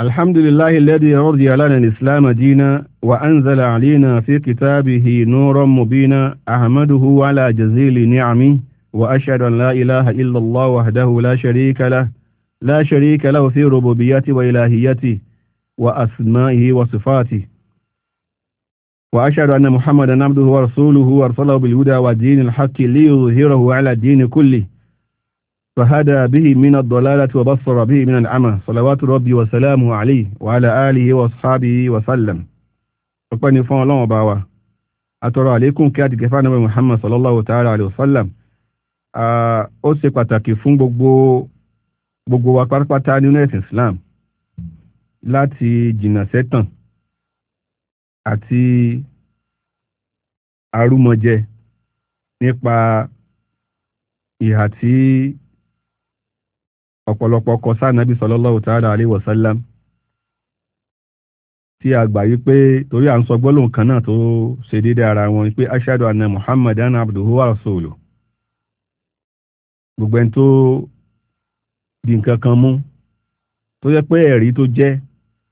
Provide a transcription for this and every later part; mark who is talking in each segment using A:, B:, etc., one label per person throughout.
A: الحمد لله الذي رضي لنا الإسلام دينا وأنزل علينا في كتابه نورا مبينا أحمده على جزيل نعمه وأشهد أن لا إله إلا الله وحده لا شريك له لا شريك له في ربوبيته وإلهيته وأسمائه وصفاته وأشهد أن محمدا عبده ورسوله وأرسله بالهدى ودين الحق ليظهره على الدين كله فهدى به من الضلالة وبصر به من العمى صلوات ربي وسلامه عليه وعلى آله وصحابه وسلم ọpẹ́ni fún ọlọ́run ọba wa àtọrọ àlékún kí àti gẹfà náà Muhammad sallallahu ta'ala alayhi wa sallam ó ṣe pàtàkì fún gbogbo gbogbo wa pátápátá nínú ẹ̀sìn Islam láti jìnnà sẹ́tàn àti arúmọjẹ nípa ìhà tí ọ̀pọ̀lọpọ̀ kọ sáànàbí sallallahu ta'ala alaihi wasallam tí a gbà yí pé torí à ń sọ gbólóhùn kan náà tó ṣe dédé ara wọn pé ashhadu anna muhammadan abduhu wa rasuluhu gbogbo ẹni tó di nǹkan kan mú tó yẹ pé ẹ̀rí tó jẹ́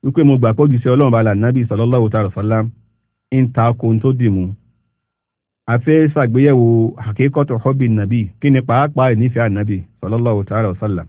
A: wípé mo gbà pọ́jù sí ọlọ́run bala nàbí sallallahu ta'ala wasallam ń ta okun tó dì mú a ṣàgbéyẹ̀wò hakikatu hubbi nàbí kí ni pàápàá ìnífẹ̀ẹ́ ànàbí sallallahu ta'ala wasallam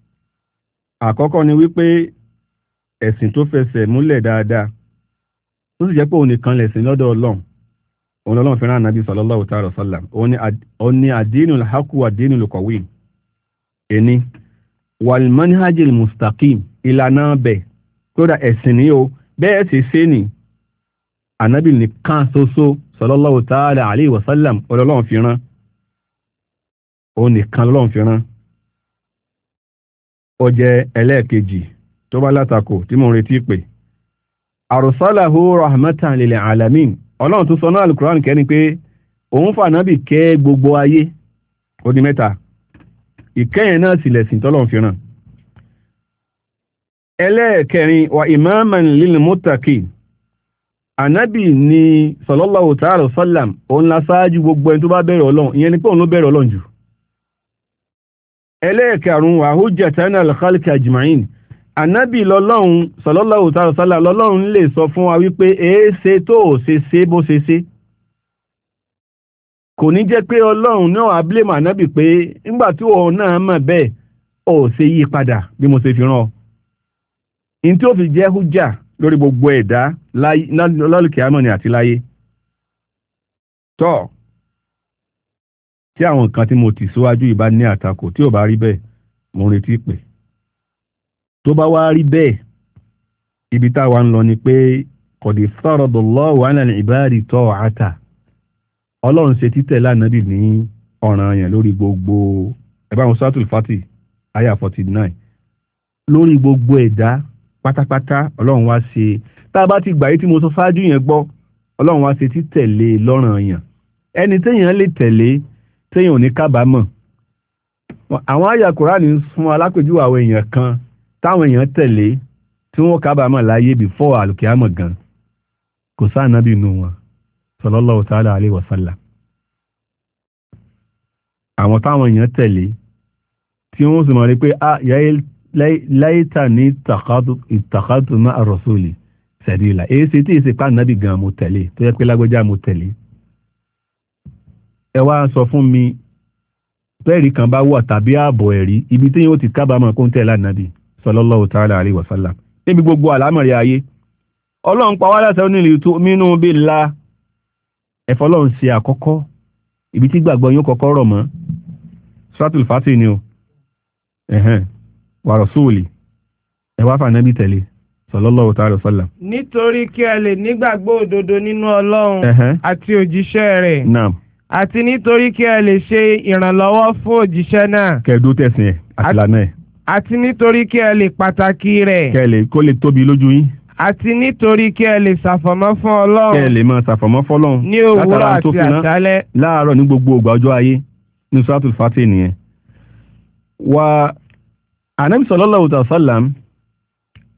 A: àkọ́kọ́ ni wípé ẹ̀sìn tó fẹsẹ̀ múlẹ̀ dáadáa tó sì jẹ́ pé òun nìkan lẹ̀sìn lọ́dọ̀ ọlọ́run òun lọ́lọ́run fẹ́ràn ànábì sallallahu ta'ala sallam òun ni ad-dinul haqq wa ad-dinul qawim ẹni wal manhajil mustaqim ìlànà bẹ̀ kódà ẹ̀sìn ni o bẹ́ẹ̀ sì ṣe ni ànábì nìkan ṣoṣo sallallahu ta'ala alayhi wa sallam òun lọ́lọ́run fi rán òun nìkan lọ́lọ́run fi rán ó jẹ́ ẹlẹ́ẹ̀kejì tó bá látakò tí mo retí pé rahmatan alamin ọlọ́run tó alukuran kẹ́ni pé òun fànábì kẹ́ gbogbo ayé ó di mẹ́ta náà sì lẹ̀sìn tọ́lọ́run fìràn ẹlẹ́ẹ̀kẹrin wa imaman lil muttaqin anabi ni sallallahu ta'ala sallam òun la ṣáájú gbogbo ẹni tó bá bẹ̀rẹ̀ ọlọ́run ìyẹn ni pé òun ló ẹlẹ́ẹ̀kẹrùn-ún àhújẹ̀tẹ́nà alkhalki ajma'in anabi lọ́lọ́run sọlọ́lọ́wò tààrọ̀sálà lọ́lọ́run lè sọ fún wa wípé èéṣe tó ò ṣe ṣe bó ṣe ṣe kò ní jẹ́ pé ọlọ́run náà abúlémà anabi pé nígbà tí òun náà mọ̀ bẹ́ẹ̀ ò ṣe yí padà bí mo ṣe fi rán ọ in tí ó fi jẹ́ hújà lórí gbogbo ẹ̀dá lálùkẹ́ àmọ́ni àti láyé tọ́ọ̀ tí àwọn nǹkan tí mo tì síwájú ìbá ní àtakò tí ò bá rí bẹ́ẹ̀ mo retí pé tó bá wá rí bẹ́ẹ̀ ibi táwa ń lọ ni pé kọ̀dé faradallahu ala al-ibadi ta'ata ọlọ́run ṣe títẹ̀ lánàbì ní ọ̀ràn yẹn lórí gbogbo ẹ̀bá wọn suratul fati aya 49 lórí gbogbo ẹ̀dá pátápátá ọlọ́run wá ṣe tá a bá ti gbà yí tí mo sọ ṣáájú yẹn gbọ́ ọlọ́run wá ṣe títẹ̀lé lọ́ràn yẹn ẹni téèyàn lè tẹ̀lé téèyàn ò ní kábàámọ̀ àwọn àyà kùránì ń fún alápèjú àwọn èèyàn kan táwọn èèyàn tẹ̀lé tí wọ́n kábàámọ̀ láyé before àlùkìámọ̀ gan kò sáà nábì nù wọn sallallahu ta'ala alaihi wasallam àwọn táwọn èèyàn tẹ̀lé tí wọ́n sì mọ̀ rí pé láìta ní ìtàkàtù máa rọ̀sọ́lì sẹ̀dílà èyí sí tí ìsìnkà nábì gan mo tẹ̀lé tó yẹ pé lágbẹ́já mo tẹ̀lé ẹ wá sọ fún mi pẹ́ẹ̀rí kan bá wà tàbí ààbọ̀ ẹ̀rí ibi tí yóò ti kábàámọ̀ kó ń tẹ̀ lánàbì sallallahu ta'ala alaihi wasallam níbi gbogbo àlámọ̀rí ayé ọlọ́run pa wá láṣẹ onílì tó mínú billah ẹ̀fọ́ ọlọ́run ṣe àkọ́kọ́ ibi tí gbàgbọ́ yóò kọ́kọ́ rọ̀ mọ́ suratul fatih ni o ẹ̀hẹ́n wa rasuli ẹ wá fànábì tẹ̀lé sallallahu ta'ala wasallam.
B: nítorí kí ẹ lè nígbàgbọ́ òdodo nínú ọlọ́run àti òjíṣẹ́ rẹ̀ àti nítorí kí ẹ lè ṣe ìrànlọ́wọ́ fún òjíṣẹ́ náà. kẹ̀dó tẹ̀sìn ẹ̀ àti lànà ẹ̀. àti nítorí kí ẹ lè pàtàkì rẹ̀. kẹ́ ẹ lè kó lè tóbi lójú yín. àti nítorí kí ẹ lè ṣàfọ̀mọ́ fún ọlọ́run. kẹ́ lè máa ṣàfọ̀mọ́
A: fọlọ́run. ní òwúrọ̀ àti àṣálẹ́. láàárọ̀ ní gbogbo ògbà ọjọ́ ayé ní suratul fatih nìyẹn. wa anabi sallallahu alaihi wasallam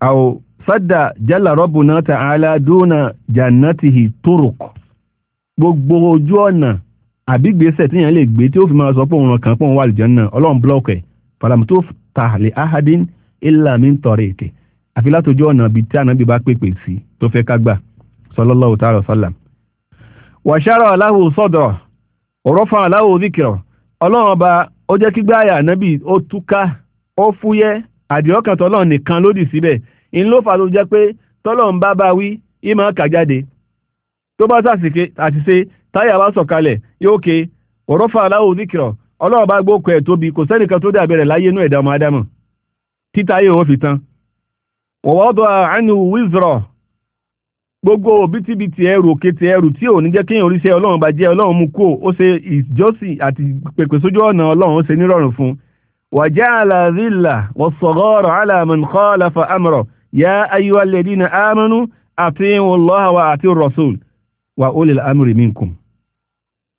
A: àwò sadda jalla rabbuna ta'ala duna jannatihi turuq gbogbo ojú ọ̀nà àbí gbèsè tí yẹn lè gbé tí ó fi máa sọ pé òun kàn pé òun wà lìjọ náà ọlọ́run búlọ́ọ̀kì ẹ̀ fàlàmù tó ta lè ahadin illa min tariqi àfi látòjú ọ̀nà ibi tí ànábì bá pèpè sí tó fẹ́ ká gbà sallallahu ta'ala sallam. wàṣàrọ̀ lahu sadra ọ̀rọ̀ fún lahu zikra ọlọ́run ọba ó jẹ́ kígbà àyà ànábì ó túká ó fúyẹ́ àdìọ́kàn táyà bá sọ̀kalẹ̀ yóò ké wọ̀rọ̀fà aláwò oníkìrọ̀ ọlọ́run bá gbókò ẹ̀ tóbi kò sẹ́nìkan tó dàbí rẹ̀ láyé inú ẹ̀dá ọmọ ádámù títa ayé fi tán wọ́n wọ́n dọ̀ àánú wíìzọ̀rọ̀ gbogbo òbítíbitì ẹrù òkè ti ẹrù tí ò ní jẹ́ kéèyàn oríṣẹ́ ọlọ́run bá jẹ́ ọlọ́run mú kó ó ṣe ìjọ́sìn àti pèpè sójú ọ̀nà ọlọ́run ṣe nírọ̀rùn fún un وجعل ذلة والصغار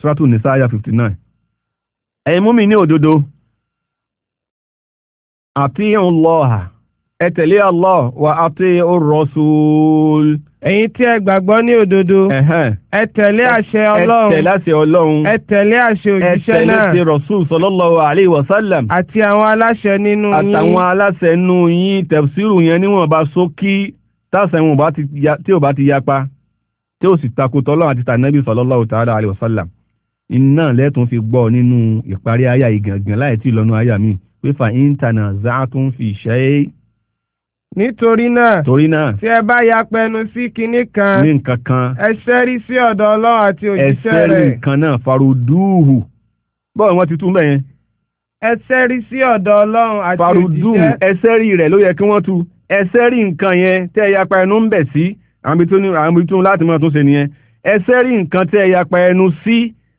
A: sọ́tù nìsá 59 ẹ̀yin mú mi ní òdodo
B: àti ìhùnlọ́ọ̀hà ẹ tẹ̀lé Allah wa àti ar-rasul ẹ̀yin tí ẹ gbàgbọ́ ní òdodo ẹ tẹ̀lé àṣẹ ọlọ́run ẹ tẹ̀lé àṣẹ ọlọ́run ẹ tẹ̀lé àṣẹ òjíṣẹ́ náà ẹ tẹ̀lé àṣẹ rasul sallallahu alayhi wa sallam àti àwọn aláṣẹ nínú yín àtàwọn aláṣẹ nínú yín tafsiru yẹn
A: níwọ̀nba ṣókí tásẹ̀wọ̀n tí ò bá ti yapa tí ó sì takò tọ́lọ́run àti tànẹ́bí sallallahu ta'ala alayhi wa iná lẹ́tún fi gbọ́ nínú ìparí àyà ìgàngàn láì tí àyà mi pé fa íńtánà fi ṣe é. nítorí náà torí náà
B: tí ẹ bá ya pẹnu sí kinní kan ní nǹkan kan ẹ ṣẹ́rí sí ọ̀dọ̀ ọlọ́run àti òjíṣẹ́ rẹ̀ ẹ ṣẹ́rí nǹkan
A: náà farudúhù
B: bọ́ọ̀ wọ́n ti tún bẹ́ẹ̀ yẹn. ẹ ṣẹ́rí sí ọ̀dọ̀ ọlọ́run àti òjíṣẹ́ farudúhù ẹ ṣẹ́rí rẹ̀ ló yẹ kí wọ́n tu ẹ
A: ṣẹ́rí nǹkan yẹn tẹ́ ẹ ya pẹnu ń bẹ̀ sí àwọn ibi láti mọ̀ tún ṣe nìyẹn ẹ ṣẹ́rí nǹkan tẹ́ ẹ ya pẹnu sí. Si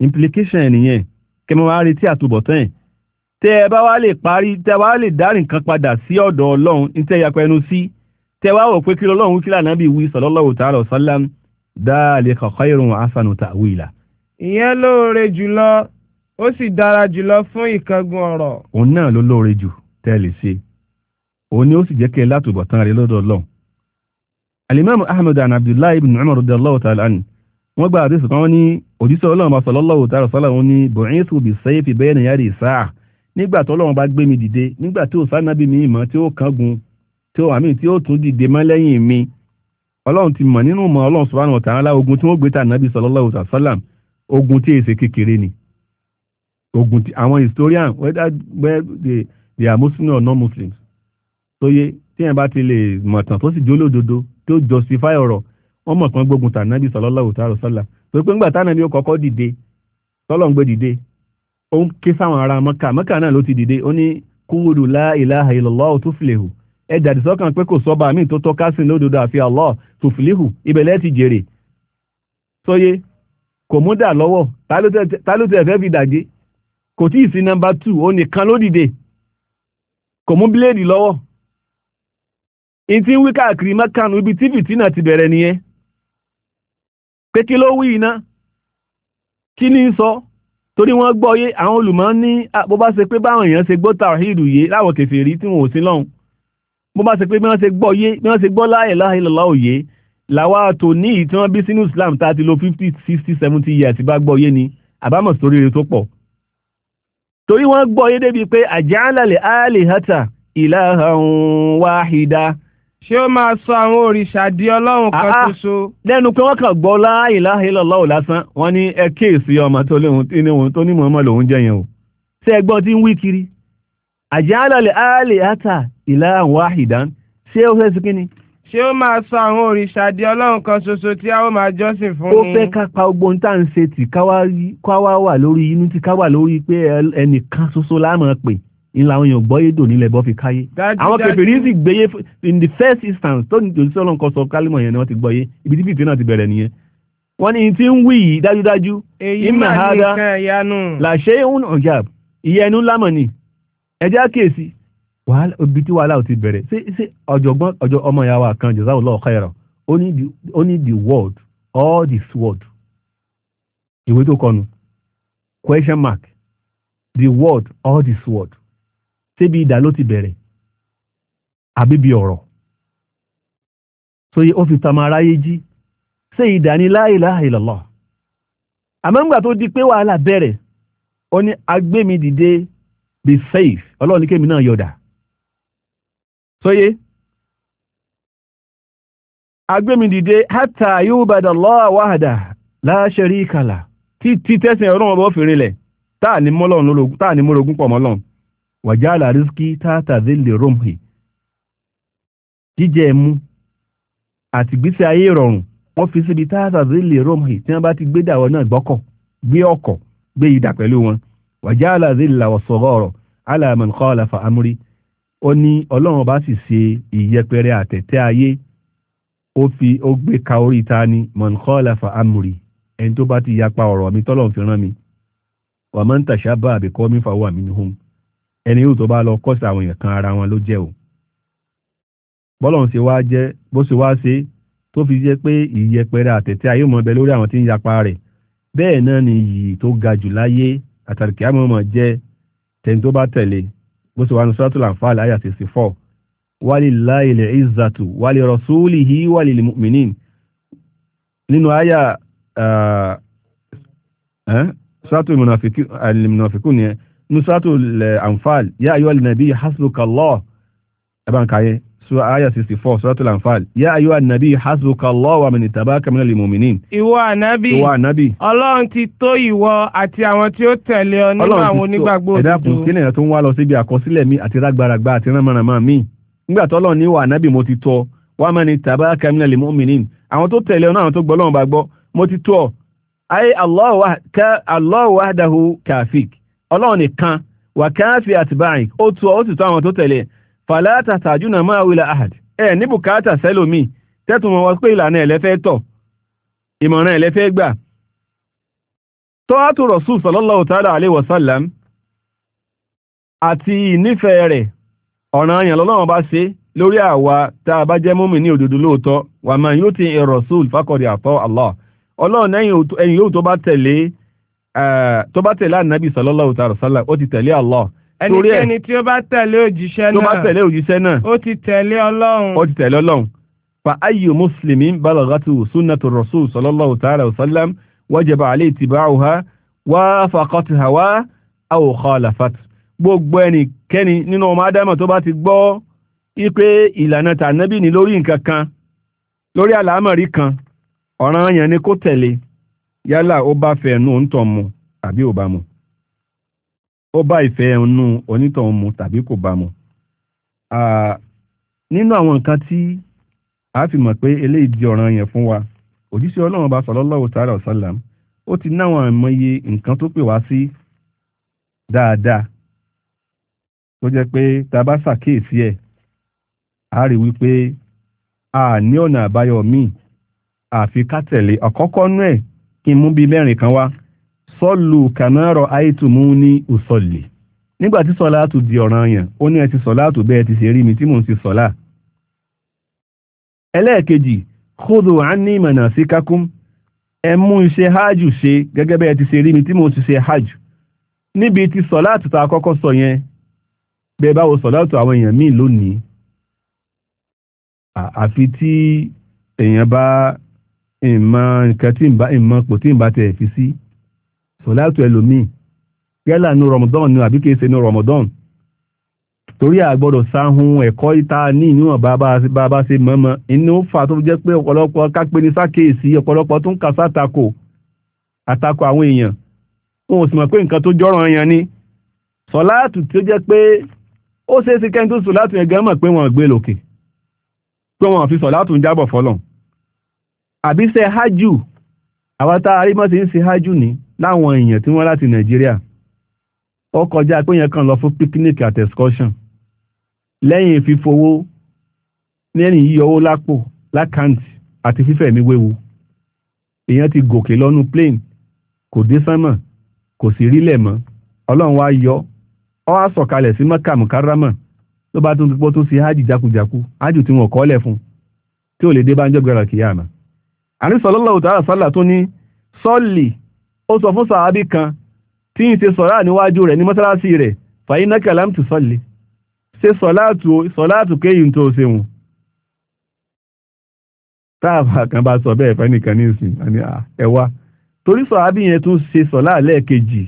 A: implication nìyẹn kí mo máa retí àtúbọ̀tán ẹ̀ tẹ́ ẹ bá wá lè parí tẹ́ wá lè dárí nǹkan padà sí ọ̀dọ̀ ọlọ́run ní tẹ́ yapa ẹnu sí tẹ́ wá wò pé kí lọ́lọ́run kí lànà bí wí sallallahu ta'ala sallam dhalika khayrun hasanu ta'wila.
B: ìyẹn lóore jùlọ ó sì dára jùlọ fún ìkángun ọ̀rọ̀.
A: òun náà ló lóore jù tẹ́ ẹ lè ṣe òun ni ó sì jẹ́ kí ẹ látúbọ̀tán rẹ lọ́dọ̀ ọlọ́run. alimami ahmed an bin ibn umar radiyallahu ta'ala anhu wọ́n gba àdéṣù kan wọ́n ní òjíṣẹ́ ọlọ́run bá sallallahu ta'ala sọ́lá wọn ní bu'ithu bis-sayfi bayna yadi sáà nígbà tó ọlọ́run bá gbé mi dìde nígbà tí ò sánábì mi mọ̀ tí ó kángun tí ó àmì tí ó tún dìde mọ́ lẹ́yìn mi ọlọ́run ti mọ̀ nínú mọ̀ ọlọ́run subhanahu wa ta'ala ogun tí wọ́n gbé tà nábì sallallahu ta'ala sọ́lá ogun tí èsè kékeré ni ogun tí àwọn historian whether they, they are muslim or non-muslims tó yé tí yẹn bá ti lè mọ̀tàn tó sì jólódodo tó justify ọ̀rọ̀ ọmọ kan gbógun tà nábì sallallahu pé ńgbà tánà ni ó kọ́kọ́ dìde tọ́lọ̀ dìde ó ń ké sáwọn ará mọ́kà mọ́kà náà ló ti dìde ó ní ilaha illallah tuflihu ẹ sọ́kàn pé kò tó tọ́ kásìn lódodo àfi ibẹ̀lẹ́ ti jèrè kò mú dà lọ́wọ́ nọmba two ó nìkan ló dìde kò mú bíléèdì lọ́wọ́ ìtí ń wí káàkiri pé kí ló wí iná kí ní sọ torí wọ́n gbọ́ yé àwọn olùmọ̀ ní bó bá ṣe pé báwọn èèyàn ṣe gbọ́ tàwáhìdù yé láwọn kèfèrí tí wọn ò sí lọ́hùn bó bá ṣe pé bí wọ́n ṣe gbọ́ yé bí wọ́n ṣe gbọ́ la ilaha illallah òye làwa tò ní ìtí wọ́n bí sínú Islam tá a ti lo fifty sixty seventy years bá gbọ́ yé ni àbámọ̀ sórí rẹ̀ tó pọ̀ torí wọ́n gbọ́ yé débi pé àjálàlẹ̀ áàlì hátà ìlàhàn wáhídá ṣé ó máa sọ àwọn òrìṣà di ọlọ́run kan ah, ah. ṣoṣo. lẹ́nu pé wọ́n kàn gbọ́ láàyè láàyè lọ́lọ́ ò lásán wọ́n ní ẹ kéèsì ọmọ tó léhun tó ní mọ̀ọ́mọ́ lòun jẹ́ yẹn o ṣé ẹ gbọ́ tí ń wí kiri. àjálọ̀lẹ̀ àálẹ̀ àtà ìlà àwọn àhìdán ṣé ó fẹ́ sí kí ni.
B: ṣé ó máa sọ àwọn òrìṣà di ọlọ́run kan ṣoṣo tí a ó máa jọ́sìn fún ni. ó fẹ́ ká
A: pa gbogbo tá à ń ṣe tì káwá wà lórí inú tí ká lórí pé ẹnìkan ṣoṣo láàmú pè ìlà àwọn èèyàn gbọ́yé dò nílẹ̀ bọ́ fi káyé àwọn kèfèrí sì gbéyé in the first instance tó ní òṣìṣẹ́ ọlọ́run kan sọ kálímọ̀ yẹn ni wọ́n ti gbọ́yé ibi tí fìtínà ti bẹ̀rẹ̀ nìyẹn wọ́n ní tí ń wí yìí dájúdájú
B: ìmọ̀ àádá
A: làṣẹ ń ọ̀jàb ìyẹn inú lámọ̀ ni ẹjẹ́ kíyèsí ibi tí wàhálà ti bẹ̀rẹ̀ ṣé ọ̀jọ̀gbọ́n ọjọ́ ọmọ ìyá wa kan jazakallahu the word all this word ìwé tó question mark the world all this world ṣébi idà ló ti bẹ̀rẹ̀ àbí bí ọ̀rọ̀ sóye ó fi tamọ aráyé jí ṣé idà ni la ilaha illallah àmọ́ ńgbà tó di pé wàhálà bẹ̀rẹ̀ ó ní agbémi dìde bí safe ọlọ́run ní kémi náà yọ̀dà sóye agbémi dìde hatta yubada Allah wahda la sharika la títí tẹ́sìn ọlọ́run ọba ó fi rinlẹ̀ táà ní mọ́lọ́run lórogún pọ̀ mọ́lọ́run Wajala rísíkì tààtà zílì romhi jíjẹ mu àti gbísí ayé ìrọ̀rùn wọ́n fi síbi tààtà zílì romhi tí wọ́n bá ti gbé dàwọ̀ náà gbọ́kọ̀ gbé ọkọ̀ gbé ìdà pẹ̀lú wọn wàjálà zílì làwọ̀ sọ̀rọ̀ ọ̀rọ̀ alaman fa amúrí ó ní ọlọ́run bá sì ṣe ìyẹpẹrẹ àtẹ̀tẹ̀ ayé ó fi ó gbé ka orí ta ni mọ̀nkọ́ọ̀lá fa amúrí ẹni tó bá ti yapa ọ̀rọ̀ mi tọ́lọ̀ fi rán mi wàmọ́ntàṣá bá àbíkọ́ mi fàwọ́ àmì nìhun ẹni yóò tó bá lọ kọ́sí àwọn èèyàn kan ara wọn ló jẹ́ o bọ́lọ̀ ń ṣe wá jẹ́ bó ṣe wá ṣe tó fi jẹ́ pé ìyẹpẹrẹ àtẹ̀tẹ̀ ayé mọ̀ bẹ lórí àwọn tí ń yapa rẹ̀ bẹ́ẹ̀ náà ni iyì tó ga jù láyé àtàríkì àmọ́mọ́ jẹ́ tẹni tó bá tẹ̀lé bó ṣe wá ní suratul Anfal àyà 64 walillahi al-izzatu walirasulihi walil mu'minin nínú àyà ah, eh, suratul munafiqun nìyẹn nusatul anfal ya ayyuhal nabi hasbukallah ẹ̀bá nǹkan ayé sura aya 64 suratul anfal ya ayyuhal nabi hasbukallah wa man ittaba'aka minal mu'minin.
B: ìwọ ànábì ìwọ ànábì ọlọ́run ti tó ìwọ àti àwọn tí ó tẹ̀lé ọ nínú àwọn onígbàgbọ́ òdodo. ẹ̀dá kùn kí
A: nìyẹn tó ń wá lọ síbi àkọsílẹ̀ mi àti rágbáragbá àti ránmọ̀rànmọ́ mi nígbà tọ́lọ́ ní ìwọ ànábì mo ti tọ́ wa man ittaba'aka minal mu'minin àwọn tó tẹ̀lé ọ náà àwọn tó gbọ́ lọ́wọ́n bá gbọ́ mo ti tọ́ ayé Allahu wahdahu kafik ọlọ́run nìkan wà káfí àtìbáyìn ó tu ọ ó sì tọ́ àwọn tó tẹ̀lé fàlàtà tàjúnà máa wílà ahad ẹ ní bùkátà sẹ́lòmíì tẹ́tùn wọn pé ìlànà ẹ̀lẹ́fẹ́ tọ̀ ìmọ̀ràn ẹ̀lẹ́fẹ́ gbà tọ́wátù rasul sallallahu ta'ala alaihi wasallam àti ìnífẹ̀ẹ́ ọlọ́run ẹ̀yìn yóò tó bá tẹ̀lé tó bá tẹ̀lé ànábì sallallahu ta'ala sallam ó ti tẹ̀lé Allah ẹnikẹ́ni tí ó bá tẹ̀lé òjíṣẹ́ náà tó bá tẹ̀lé òjíṣẹ́ náà ó ti tẹ̀lé Ọlọ́run ó ti tẹ̀lé Ọlọ́run fa ayyu muslimin balagatu sunnatu rasul sallallahu ta'ala sallam wajaba alayhi ittiba'uha wafaqat hawa aw khalafat gbogbo ẹnikẹ́ni nínú ọmọ ádámà tó bá ti gbọ́ ipe ìlànà tànábì ní lórí nǹkan kan lórí àlámọ̀rí kan ọ̀ranyàn ni kó tẹ̀lé yálà ó bá fẹ́ ẹnu onítọ̀ mu tàbí ò bá mu ó bá ìfẹ́ ẹnu onítọ̀ mu tàbí kò bá mu nínú àwọn nǹkan tí a fi mọ̀ pé eléyìí di ọ̀ràn yẹn fún wa òjíṣẹ́ ọlọ́run bá sọ̀rọ̀ lọ́wọ́ wa ọ̀sálàm ó ti náwọn àìmọye nǹkan tó pè wá sí dáadáa tó jẹ́ pé ta bá ṣàkíyèsí ẹ̀ a rí wípé a ní ọ̀nà àbáyọ míì àfi ká tẹ̀lé ọ̀kọ́kọ́ nú ẹ̀ kí n mú bíi mẹ́rin kan wá sọ́lù kàmẹ́rọ̀ àìtùmú ní ùsọ̀lì nígbà tí sọ́láàtù di ọ̀ranyàn ó ní ẹ ti sọ́láàtù bẹ́ẹ̀ ti ṣe rí mi tí mò ń ti sọ́lá ẹlẹ́ẹ̀kejì kódò ánì ìmọ̀nà sí kákún ẹ mú iṣẹ́ hajj ṣe gẹ́gẹ́ bẹ́ẹ̀ ti ṣe rí mi tí mò ń ti ṣe hajj níbi tí sọ́láàtù tá a kọ́kọ́ sọ yẹn bẹ́ẹ̀ báwo sọ́láàtù àwọn èèyàn míì lónìí àfi tí èèyàn bá ìmọ̀ nǹkan tí ìmọ̀ ìmọ̀ pò tí ìmọ̀ tẹ̀ fi sí sọ̀láàtù ẹlòmíì yálà ní rọmọdán ní àbí kìí ṣe ní rọmọdán torí àgbọ́dọ̀ sáhun ẹ̀kọ́ ìta ní ìníwọ̀n bàbá ṣe mọ́mọ́ inú fà tó jẹ́ pé ọ̀pọ̀lọpọ̀ kápẹ́ ní sákèèsí ọ̀pọ̀lọpọ̀ tó ń kà sátakò àtakò àwọn èèyàn wọn ò sì mọ̀ pé nǹkan tó jọ́ràn èèyàn ni sọ̀láàtù tó jẹ́ pé ó ṣeé ṣe kẹ́ni tó sọ̀láàtù yẹn gan mọ̀ pé wọ́n gbé lòkè pé wọ́n fi sọ̀láàtù ń jábọ̀ fọlọ́n àbí ṣe hajjù àwọn tá a rí ń ṣe hajjù ní láwọn èèyàn tí wọ́n láti nàìjíríà ó kọjá pé yẹn kan lọ fún picnic at excursion lẹ́yìn fífowó lẹ́yìn yíyọ lápò lákàǹtì àti fífẹ̀mí wéwu èèyàn ti gòkè lọ́nu plane kò dé sánmà kò sì rílẹ̀ mọ́ ọlọ́run wá ọ wá sọ̀kalẹ̀ sí mọ́kà mùkárámà ló bá tún pọ́ tún fún tí ò lè dé bá ń jọ́ àníṣọ́lọ́lọ́wọ́ tààrà sálà tó ní sọ́ọ̀lì ó sọ fún sàábì kan tí ń ṣe sọ̀rá níwájú rẹ̀ ní mọ́sálásí rẹ̀ fàyín náà kàlám ti sọ́ọ̀lì ṣe sọ̀láàtù kéyìn tó ṣe wọn. táàbà kan bá sọ bẹ́ẹ̀ fẹ́nìkan ní ìsìn àní ẹ̀wá torí sọ̀hábì yẹn tún ṣe sọ̀lá lẹ́ẹ̀kejì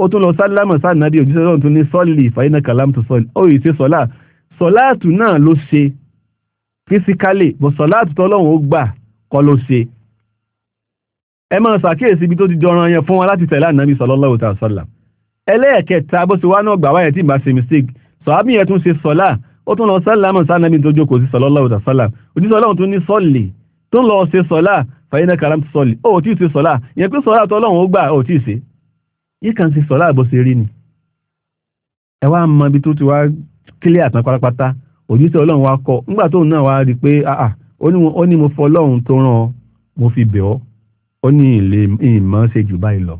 A: ó tún lọ sálámọ̀ sáànàbí òjíṣẹ́ lọ́run tún ní sọ́ọ̀lì fàyín náà kàlám ti sọ́ọ̀lì ó yìí ṣe sọ̀lá sọ̀láàtù náà ló ṣe kọ́ ṣe ẹ máa ṣàkíyèsí ibi tó ti dọ̀ràn yẹn fún wa láti tẹ̀lé ànábì sallallahu ta'ala sallam ẹlẹ́ẹ̀kẹta bó ṣe wá náà gbà wáyẹ̀ tí ìbá ṣe mistake sọ̀hábì yẹn tún ṣe sọ́lá ó tún lọ sálámù sánàbì tó jókòó sí òjíṣẹ́ Ọlọ́run tún ní lọ ṣe fàyínà karam ti ó tí tí ì ó ní mo fọlọ́run tó rán ọ mo fi bẹ̀ ọ́ ó ní ìlè ìmọ̀ ṣe jù báyìí lọ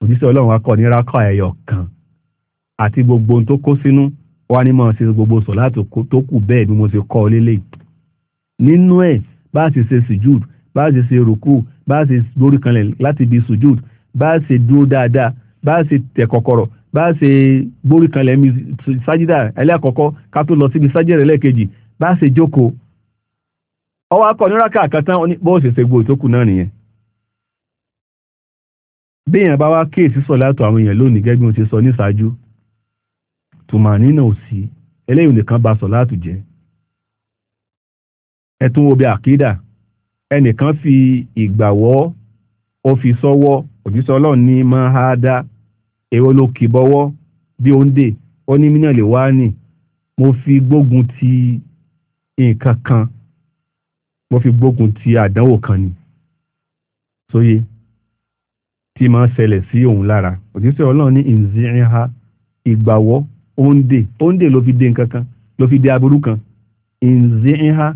A: òjíṣẹ́ ọlọ́run akọ ní rákà ẹyọ kan àti gbogbo ohun tó kó sínú wá ní mọ̀ ṣe gbogbo sọ̀lá tó kù bẹ́ẹ̀ bí mo ṣe kọ́ ọ lélẹ̀ nínú ẹ̀ bá ṣe ṣe sùjúd bá ṣe ṣe rùkú bá ṣe lórí kanlẹ̀ láti bí sùjúd bá ṣe dúró dáadáa bá ṣe tẹ̀ kọ̀kọ̀rọ̀ bá ṣe gbórí kanlẹ̀ mi sájídà ẹlẹ́kọ̀ọ́kọ́ ká tó lọ síbi sájídà ẹlẹ́kejì bá ṣe jókòó ọwọ́ akọ ní rákà kan tán bó ṣe ṣe gbòó tó kù náà nìyẹn bí èèyàn bá wá kíyèsí sọ látọ̀ àwọn èèyàn lónìí gẹ́gẹ́ bí mo ṣe sọ níṣáájú tùmọ̀ nínà ò sí eléyìí nìkan ba sọ látù jẹ́ ẹ̀tún wo bí àkídà ẹnìkan fi ìgbàwọ́ ó fi sọ́wọ́ òjíṣẹ́ ọlọ́run ní máa èrò ló kì bọ́wọ́ bí ó ó ní mínà lè wá nì mo fi gbógun ti nǹkan kan wọ́n fi gbógun ti àdánwò kan ni sóye tí máa ń ṣẹlẹ̀ sí òun lára òjíṣẹ́ ọlọ́run ní ìzìrìnha ìgbàwọ́ òǹdè òǹdè ló fi dé nǹkan kan ló fi dé aburú kan ìzìrìnha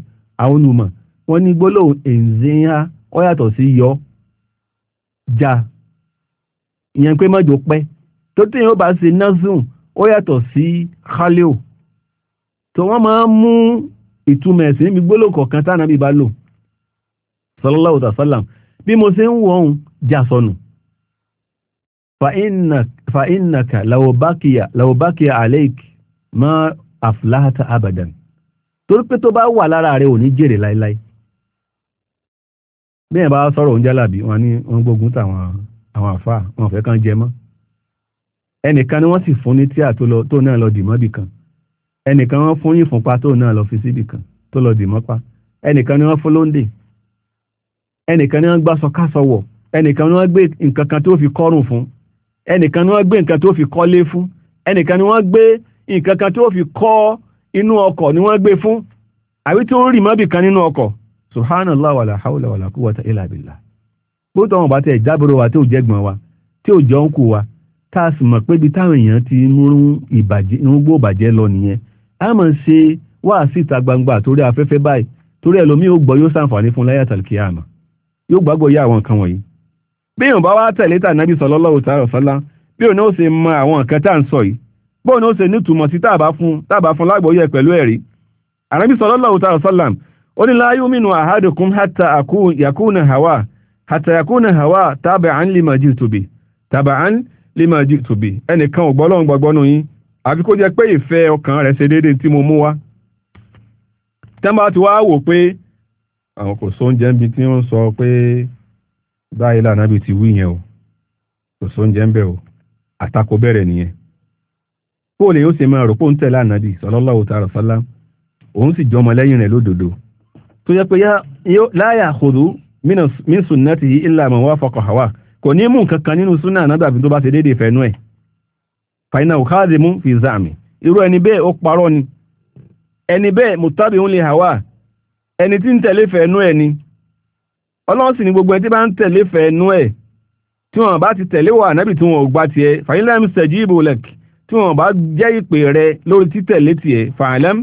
A: àwọn olùmọ̀ wọ́n ní gbólóhùn ìzìrìnha ó yàtọ̀ sí yọ já ìyẹn pé mọ́jọ pẹ́ tó tẹ̀yìn ó bá ṣe nazun ó yàtọ̀ sí khalil tó wọ́n máa ń mú ìtumọ̀ ẹ̀sìn níbi gbólóhùn kọ̀ọ̀kan tí ànábì bá lò sallallahu alaihi wasallam bí mo ṣe ń wọ̀n já sọnù fa innaka law ma aflahta abadan torí pé tó bá wà lára rẹ̀ ò ní jèrè láíláí bí ẹ̀ bá sọ̀rọ̀ oúnjẹ lábí wọn ní wọn gbógun táwọn àwọn àfáà wọn fẹ́ kàn jẹ mọ́ ẹnìkan ni wọ́n sì fún ní tíà tó náà lọ dìmọ́bì kan ẹnìkan wọ́n fún ìfúnpá tó náà lọ fi síbì kan tó lọ dì mọ́pá ẹnìkan ni wọ́n fún lóńdè ẹnìkan ni wọ́n gbá sọ kásọwọ̀ ẹnìkan ni wọ́n gbé nǹkan kan tó fi kọ́rùn fún ẹnìkan ni wọ́n gbé nǹkan tó fi kọ́lé fún ẹnìkan ni wọ́n gbé nǹkan kan tó fi kọ́ inú ọkọ̀ ni wọ́n gbé fún àbí tó rì mọ́bì kan nínú ọkọ̀ subhanallah wàlà haúlà wàlà kú wọ́tà ilà bìlà bóòtù àwọn bàtà ìjábòrò wa tí ò jẹ́gbọ̀n wa tí ò jọ ń kú wa tá a sì mọ̀ pé ibi táwọn èèyàn ti ń mú ìbàjẹ́ ń gbó ìbàjẹ́ lọ nìyẹn a máa ṣe wáàsí ìta gbangba torí afẹ́fẹ́ báyìí torí ẹlòmíì ó gbọ́ yóò ṣàǹfààní fún láyà tàlkíyàmà yóò gbàgbọ́ yá àwọn nǹkan wọ̀nyí béèyàn bá wá tẹ̀lé tà nábì sallallahu ta'ala sọ́lá bí òun ó ṣe mọ àwọn nǹkan tá à ń sọ yìí bóun ó ṣe nítumọ̀ sí tàbá fún tàbá fún lágbòóyè pẹ̀lú ẹ̀rí ànábì sallallahu ta'ala sọ́lá ó ní la yu'minu ahadukum hatta yakuna hawa hatta yakuna hawa taba'an lima ji'tu bi taba'an lima ji'tu bi ẹnìkan ò gbọ́ lọ́n gbọ́gbọ́nú yín àfi kó jẹ́ pé ìfẹ́ ọkàn rẹ̀ ṣe déédéé tí mo mú wá tẹ́mbà ti wá wò pé àwọn kò sóúnjẹ níbi tí wọ́n sọ pé báyìí lànà bí ti wí yẹn o kò sóúnjẹ ń bẹ̀ o àtakò bẹ̀rẹ̀ nìyẹn kó lè ó sì máa rò pó ń tẹ̀lé ànábì sallallahu ta'ala sallam òun sì jọmọ lẹ́yìn rẹ̀ lódodo tó yẹ pé la ya'khudhu min sunnatihi illa man wafaqa hawa kò ní mú nǹkan kan nínú súnà ànábì tó bá ṣe déédéé fẹ́nu ẹ̀ fàyínà òkáàdì mú fi zàmì irú ẹni bẹ́ẹ̀ ó parọ́ ni ẹni bẹ́ẹ̀ mùtábì ń lè hàwà ẹni tí ń tẹ̀lé fẹ̀ẹ́nú ẹ̀ ni ọlọ́run sì ni gbogbo ẹni tí bá ń tẹ̀lé fẹ̀ẹ́nú ẹ̀ tí wọ́n bá ti tẹ̀lé wà nábì tí wọ́n ò gbà tiẹ̀ fàyínlẹ́m sẹ̀jú ìbò lẹ̀k tí wọ́n bá jẹ́ ìpè rẹ lórí títẹ̀lé tiẹ̀ fàyínlẹ́m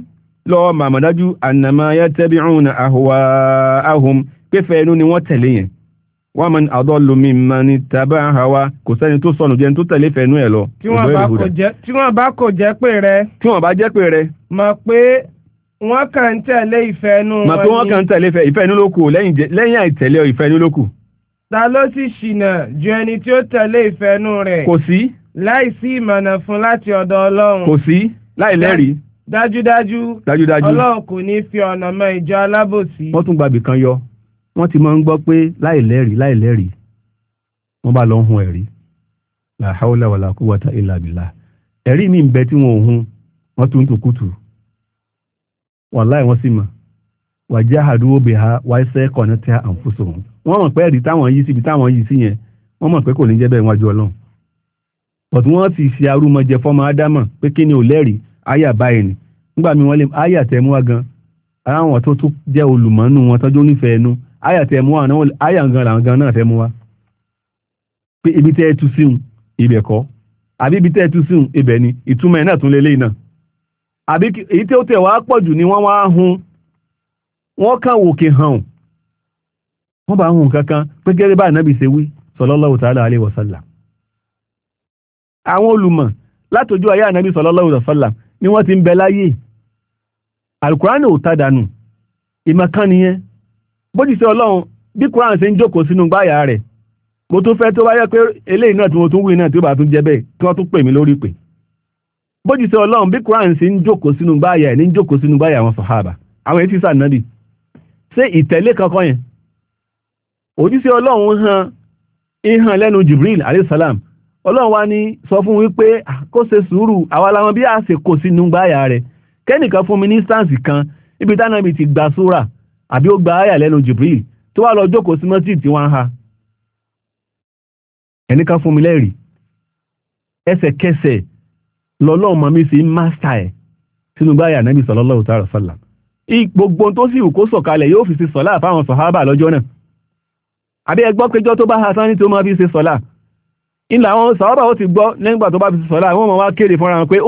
A: lọ màmọ̀dájú ànàmáyà tẹ́bí ọ̀hún àhùwà áhùn pé fẹ̀ẹ́nú ni wọ́n tẹ̀lé yẹn wọ́n mọ̀ ní àdọ́lù mi mọ̀ ní tàbí àhàwá kò sẹ́ni tó sọnù jẹni tó tẹ̀lé fẹ̀nú ẹ̀ lọ. tí
B: wọ́n bá kò jẹ́ pé rẹ. tí wọ́n bá jẹ́ pé rẹ. mọ̀ pé wọ́n kàn ń tẹ̀lé ìfẹ́ inú wọn ni. mọ̀ pé wọ́n kàn ń tẹ̀lé
A: ìfẹ́ inú ló kù lẹ́yìn àìtẹ̀lé ìfẹ́ inú ló
B: ta ló sì ṣìnà ju ẹni tí ó tẹ̀lé ìfẹ́ inú rẹ̀. kò sí. láì sí ìmọ̀nà fún láti ọ̀dọ̀ Ọlọ́run. kò sí láì lẹ́rìí. dájúdájú.
A: wọ́n ti máa ń gbọ́ pé láìlẹ́rìí láìlẹ́rìí wọ́n bá lọ hun ẹ̀rí la hawla ẹ̀rí mi ń tí wọ́n hun wọ́n tún tún kùtù láì wọ́n sì mọ̀ jẹ́ àdúgbò bẹ̀ ha wà àǹfóso wọn wọ́n mọ̀ pé ẹ̀rí táwọn yìí síbi táwọn yìí sí yẹn wọ́n mọ̀ pé kò ní jẹ́ bẹ́ẹ̀ wájú ọlọ́run Aya tẹ̀ mú àná àyà gan làwọn gan náà fẹ́ mú wa pé ibi tẹ́ ẹ tú sí un ibẹ̀ kọ́ àbí ibi tẹ́ ẹ tú sí un ibẹ̀ ni ìtumọ̀ ẹ̀ náà tún lélẹ́yìn náà àbí èyí tí ó tẹ̀ wá pọ̀ jù ni wọ́n wá hun wọ́n kàn wòkè hàn wọ́n bá hun kankan pé gẹ́gẹ́ bá ànábì ṣe wí sallallahu ta'ala alaihi àwọn olùmọ̀ látòjú ayé ànábì sallallahu alaihi ni wọ́n ti ń bẹ láyé alukurani ò tàdánù ìmọ̀kan nìyẹn bójúṣe ọlọ́run bí quran ṣe ń jókòó sínú gbáyà rẹ̀ mo tún fẹ́ tó bá yẹ pé eléyìí náà tí mo tún wí náà tí ó bá tún jẹ́ bẹ́ẹ̀ kí wọ́n tún pè mí lórí pè bójúṣe ọlọ́run bí quran ṣe ń jókòó sínú gbáyà ẹ̀ ní ń jókòó sínú gbáyà àwọn sàhábà àwọn etí sànádì ṣé ìtẹ̀lé kankan yẹn òjíṣẹ́ ọlọ́run han ihan lẹ́nu jibril alayhisalam ọlọ́run wa ní sọ fún wípé ah, kó ṣe sùúrù àwa làwọn bí a ṣe kò sínú gbáyà rẹ̀ kẹ́nìkan fún mi ní instance kan ibi táwọn ti gbà súrà àbí ó gba àyà lẹ́nu Jibril tó wá lọ jókòó sí mọ́sí tí wọ́n ń ha ẹnìkan fún mi lẹ́rìí ẹsẹ̀kẹsẹ̀ lọ́lọ́run mọ̀ mi sí mástà ẹ̀ sínú gbáyà nábì sallallahu ta'ala sallam gbogbo tó sì kó sọ̀kalẹ̀ yóò fi ṣe sọ̀lá fáwọn sọ̀hábà lọ́jọ́ náà àbí ẹgbọ́ péjọ́ tó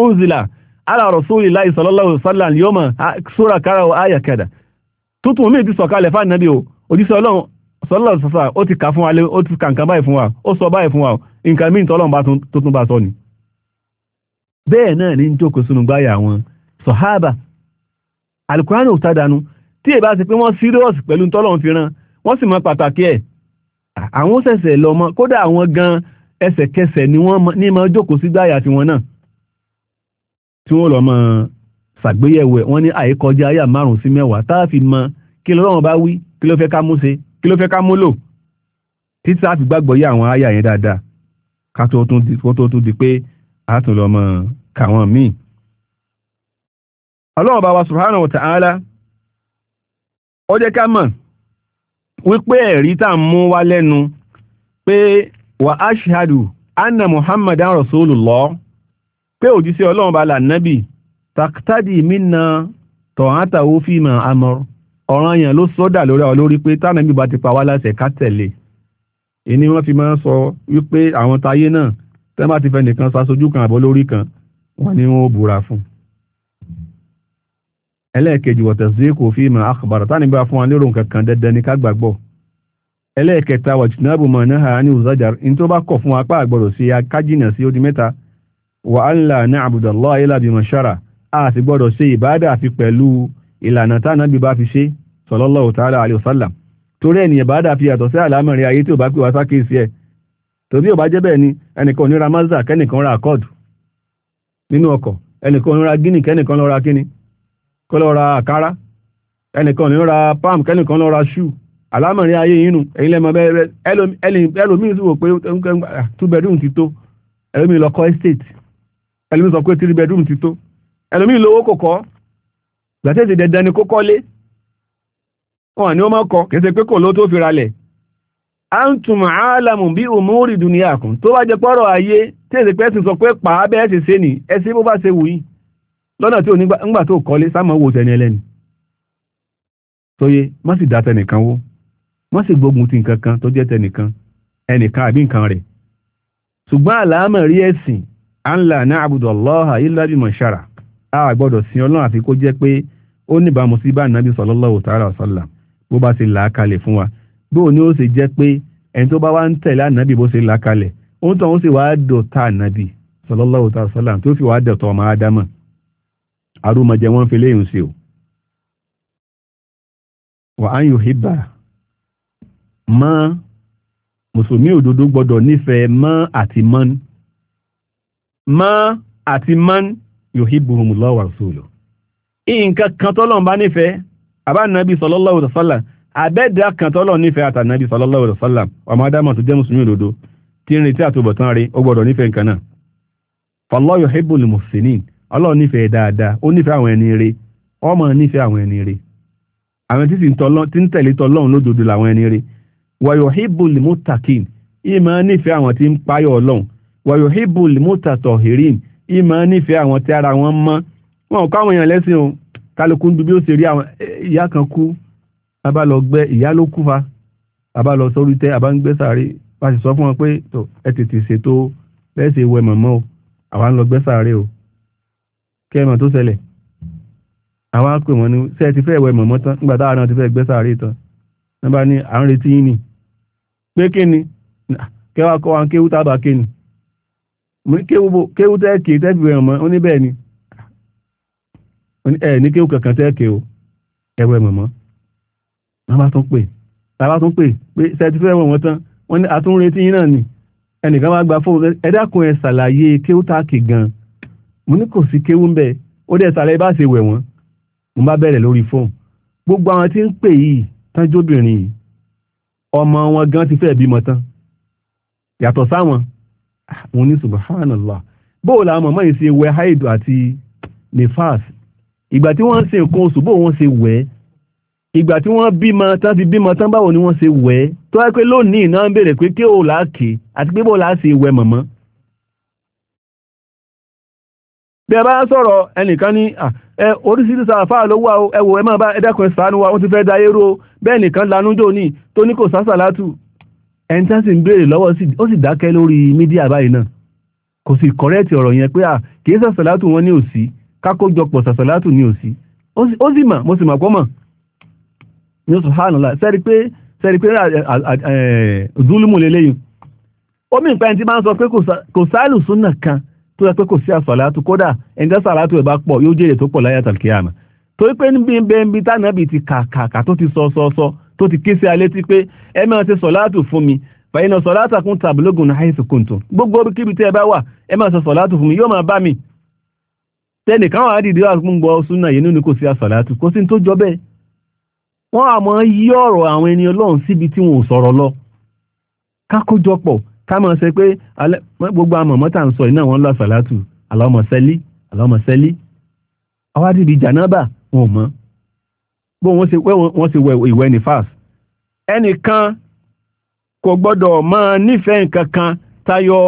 A: unzila ala rasulillahi sallallahu sallam yawma sura kara ayakada tuntun mi ti sọ̀kalẹ̀ fún ànábì o òjíṣẹ́ ọlọ́run sọlọ́run sọ́sà ó ti kà fún wa ó ti kà nǹkan báyìí fún wa ó sọ báyìí fún wa nǹkan míì tọ́lọ́run bá tuntun bá sọ ni. bẹ́ẹ̀ náà ní jókòó sínú gbáyà wọn sọ̀háàbà alukurani ò sádànù tí èbá ti pé wọ́n sírọ́ọ̀sì pẹ̀lú tọ́lọ́run fi ran wọ́n sì mọ pàtàkì ẹ̀ àwọn sẹ̀sẹ̀ lọ mọ kódà àwọn gan ẹsẹ̀kẹsẹ̀ ni wọ́n ní mọ jókòó sí gbáyà tiwọn náà tí wọ́n lọ mọ ṣàgbéyẹ̀wẹ̀ wọ́n ní àìkọjá àyà márùn-ún sí mẹ́wàá tá a fi mọ kí lọ́wọ́n bá wí kí ló fẹ́ ká mú ṣe kí ló fẹ́ ká mú lò títí a fi gbàgbọ́ yé àwọn àyà yẹn dáadáa ká tó tún di pé a kàwọn míì. ọlọ́run bá wa subhanahu wa ta'ala ó jẹ́ ká mọ̀ wípé ẹ̀rí tá ń mú wá lẹ́nu pé wà á ṣàdù anna muhammadan rasulullah pé òjíṣẹ́ ọlọ́run bá là nábì taktadi minna tọ̀hántà ó fi mọ̀ àmọ́ ọ̀ràn yẹn ló sọ́dà lórí àwọn lórí pé tánàbí bá ti pa wá láṣẹ ká tẹ̀lé ìní wọ́n fi máa ń sọ wípé àwọn táyé náà tẹ́ bá ti fẹ́ nìkan ṣaṣojú kan àbọ̀ lórí kan wọ́n ní wọ́n ó búra fún un ẹlẹ́ẹ̀kejì wọ̀tẹ̀sí kò fi mọ̀ àkàbàrà tá nígbà fún wa lérò kankan dandan ní ká gbàgbọ́ ẹlẹ́ẹ̀kẹta wàjìtìnáàbù náà ní mọ̀ ṣára a sì gbọ́dọ̀ ṣe ìbádà àfi pẹ̀lú ìlànà tánàbí bá fi ṣe sallallahu ta'ala alayhi wa sallam torí ẹni ìbádà fi yàtọ̀ sí àlámọ̀rin ayé tí ò bá pè wá sákèsí ẹ̀ tòbí ò bá jẹ́ bẹ́ẹ̀ ni ẹnìkan ní ra mazda kẹ́nìkan ra accord palm kẹ́nìkan lọ ra shoe àlámọ̀rin ayé yínú èyí lẹ́mọ bẹ́ẹ̀ ẹlòmíì sì wò pé ah, two bedroom ti tó ẹlòmíì lọ kọ́ estate ẹlòmíì sọ pé three bedroom ti tó ẹlòmíì lówó kò kọ́ gbàtẹ́sì dandan ni kó kọ́lé wọn ni ó máa kọ kìí ṣe pé kò ló tó fi ralẹ̀ antum alamu bí umuri duniyakum tó bá jẹ pọ́rọ̀ ayé tẹ́sì pé ẹ̀sìn sọ pé pa á bẹ́ẹ̀ sì ṣe ni ẹ̀sìn bó bá ṣe wù yín lọ́nà tí ò nígbà tó kọ́lé sáà mọ́ wò sẹ́ni ẹlẹ́ni tóyé má sì dá tẹnìkan wó má sì gbógun ti nǹkan kan tó jẹ́ tẹnìkan ẹnìkan àbí nǹkan rẹ̀ ṣùgbọ́n àlàámọ̀ rí ẹ̀sìn an la a gbọ́dọ̀ sin ọlọ́run àfi kó jẹ́ pé ó níbàámu sí bá nàbí sallallahu ta'ala sallam bó bá ṣe là á kalẹ̀ fún wa bóò ni ó ṣe jẹ́ pé ẹni tó bá wá ń tẹ̀lé ànábì bó ṣe là á kalẹ̀ ó ń tọ́ ó sì wá dọ̀tá ànábì sallallahu ta'ala sallam tó sì wá dọ̀tá ọmọ ádámà arúmọjẹ wọn fi léyìn sí o wà á yóò hibà mọ́ mùsùlùmí òdodo gbọ́dọ̀ nífẹ̀ẹ́ mọ́ àti mọ́n mọ́ àti mọ́n Allah wa rasuluhu Inka kan tọ́lọ̀ bá nífẹ̀ẹ́ àbánabi sallallahu alaihi wasallam àbẹ́dà kan tọ́lọ̀ nífẹ̀ẹ́ àtànabi sallallahu alaihi wasallam ọmọ adámọ̀ tó jẹ́ mùsùlùmí òdodo tí ń retí àtúbọ̀tán rí ó gbọ́dọ̀ nífẹ̀ẹ́ nǹkan náà Allah yuhibbul muhsinin ọlọ́run nífẹ̀ẹ́ dáadáa ó nífẹ̀ẹ́ àwọn ẹni rí ọmọ nífẹ̀ẹ́ àwọn ẹni rí àwọn tí ti ń tẹ̀lé tọ́lọ́run lódodo làwọn ẹni rí wa yuhibbul muttaqin ìmọ̀ nífẹ̀ẹ́ àwọn tí ń páyọ̀ wa yuhibbul mutatahhirin ìmọ̀ nífẹ̀ẹ́ àwọn tí ara wọn mọ́ wọn ò káwọn èèyàn lẹ́sìn o kálukú ń du bí ó ṣe rí àwọn eh, ìyá kan kú bàbá lọ gbẹ ìyá ló kú fa bàbá lọ sórí tẹ bàbá ń gbé sàárè bá sì sọ fún wọn pé tó ẹ tètè ṣètò bẹ́ẹ̀ wẹ mọ̀mọ́ o àwa ń lọ gbé sàárè o kẹ́ ẹ mọ̀ tó ṣẹlẹ̀ àwa pè wọ́n ní ṣe ti fẹ́ wẹ mọ̀mọ́ tán nígbà táwa náà ti fẹ́ gbé sàárè tán nígbà ní à ń retí yín ni pé kí ni kẹwàá kọ́ wa kéwú tábà kí ni mo ní kéwú tẹ́ẹ̀kì tẹ́ẹ̀kì rẹ̀ mọ́ ó ní bẹ́ẹ̀ ni ẹ̀ ní kéwú kankan tẹ́ẹ̀kì o ẹ̀wẹ̀ mọ̀ mọ́ bàbá tún pè bàbá tún pè pé sẹ́ẹ̀tì fẹ́ wọ̀n wọ́n tán wọ́n ní àtúnretí yín náà ni ẹnìkan wá gba fóònù ẹ dákun ẹ ṣàlàyé kéwú táàkì gan mo ní kò sí kéwú ń bẹ ó dẹ̀ ṣàlàyé bá ṣe wẹ̀ wọ́n mo bá bẹ̀rẹ̀ lórí fóònù gbogbo àwọn tí ń pè yìí tán jóbìnrin yìí ọmọ wọn gan ti fẹ́ bímọ tán yàtọ̀ sáwọn mo ní subhanallah bóò la màmá yìí ṣe wẹ haidu àti nifas ìgbà tí wọ́n ń ṣe nǹkan oṣù bóò wọ́n ṣe wẹ̀ ìgbà tí wọ́n bímọ tán fi bímọ tán báwo ni wọ́n ṣe wẹ̀ tó wáyé pé lónìí náà ń béèrè pé kí o kè àti pé bóò la ṣe wẹ̀ màmá. bí a bá sọ̀rọ̀ ẹnìkan ní ẹ oríṣiríṣi àfáà ló wà ẹwò ẹ máa bá ẹdẹ́kùn ẹ̀sán wa wọ́n ti fẹ́ dayé ro bẹ́ẹ̀ nìkan lanú jò ní tó ní kò sásà látù ẹni tá sì ń béèrè lọ́wọ́ ó sì dákẹ́ lórí mídíà báyìí náà kò sì kọ́rẹ́ẹ̀tì ọ̀rọ̀ yẹn pé à kìí sàṣàlátù wọn ní òsì kákójọpọ̀ sàṣàlátù ní òsì ó sì mo sì mà kó ní oṣù hànàlá sẹ́ri pé sẹ́ri pé zulumu omi nǹkan ẹni tí máa ń sọ pé kò sáàlù súnà kan tó yẹ pé kò sí àṣàlátù kódà ẹni tá ẹ̀ bá pọ̀ yóò jèrè tó pọ̀ torí pé níbi ti sọ tó ti ké sí alé tí pé ẹ máa ṣe sọ̀láàtù fún mi fàyínà sọ̀láàtà kún tàbílógún náà àìsàn kùntùn gbogbo kíbi tẹ́ ẹ bá wà ẹ máa ṣe sọ̀láàtù fún mi yóò máa bá mi tẹ́nì káwọn àdìdí wà fún gbọ́ súnà yìí nínú kò sí kò sí tó jọ bẹ́ẹ̀ wọ́n àmọ́ yí ọ̀rọ̀ àwọn síbi tí wọn lọ kákójọpọ̀ ká máa pé gbogbo ń sọ iná wọn bó wọ́n ṣe wẹ ìwẹ̀ nífàs ẹnìkan kò gbọ́dọ̀ máa nífẹ̀ẹ́ nǹkan kan tayọ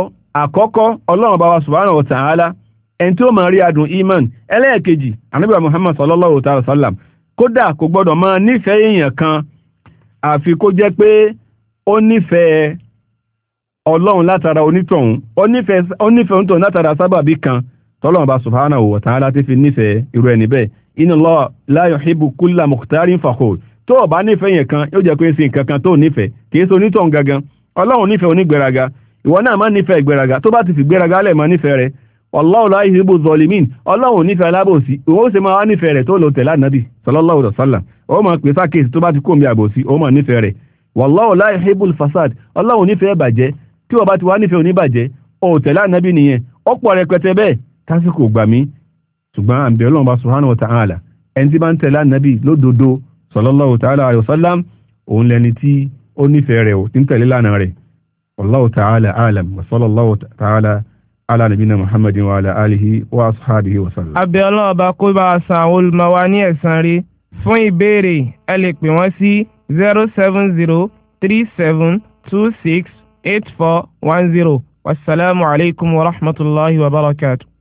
A: àkọ́kọ́ ọlọ́run bá wa subhanahu wa ta'ala ẹni tí ó máa rí adùn iman ẹlẹ́ẹ̀kejì anábìyà muhammad sallallahu ta'ala sallam kódà kò gbọ́dọ̀ máa nífẹ̀ẹ́ èèyàn kan àfi kó jẹ́ pé ó nífẹ̀ẹ́ ọlọ́run látara onítọ̀hún ó nífẹ̀ẹ́ onítọ̀hún látara sábàbí kan tọ́lọ́run bá subhanahu wa ta'ala ti fi nífẹ̀ẹ́ irú ẹni bẹ́ẹ̀ inna Allah la yuhibbu kulla mukhtarin fakhur tó o bá nífẹ̀ẹ́ yẹn kan yóò jẹ́ pé sí nǹkan kan tó nífẹ̀ẹ́ kì í ṣe onítọ̀hún gangan ọlọ́run nífẹ̀ẹ́ onígbéraga ìwọ náà má nífẹ̀ẹ́ ìgbéraga tó bá ti fi gbéraga lẹ̀ mọ́ nífẹ̀ẹ́ rẹ̀ Wallahu la yuhibbu zalimin ọlọ́run nífẹ̀ẹ́ alábòsí òun ó ṣe máa wá nífẹ̀ẹ́ rẹ̀ tó lò tẹ̀lé ànábì sallallahu alaihi wasallam ó máa pè sákèsì tó bá ti kóòmì àbòsí ó máa nífẹ̀ẹ́ rẹ̀ Wallahu la yuhibbu fasad ọlọ́run nífẹ̀ẹ́ ṣùgbọ́n àǹbí ọlọ́run bá subhanahu wa ta'ala ẹni tí bá ń tẹ̀lé ànábì lódodo sallallahu ta'ala alayhi wa sallam òun lẹni tí ó nífẹ̀ẹ́ rẹ̀ ò tí ń tẹ̀lé lánà rẹ̀ wallahu ta'ala alam wa sallallahu ta'ala ala nabina muhammadin wa ala alihi wa ashabihi
B: wa two six eight four one zero wasalaamualeykum wa rahmatulahi wa barakatu.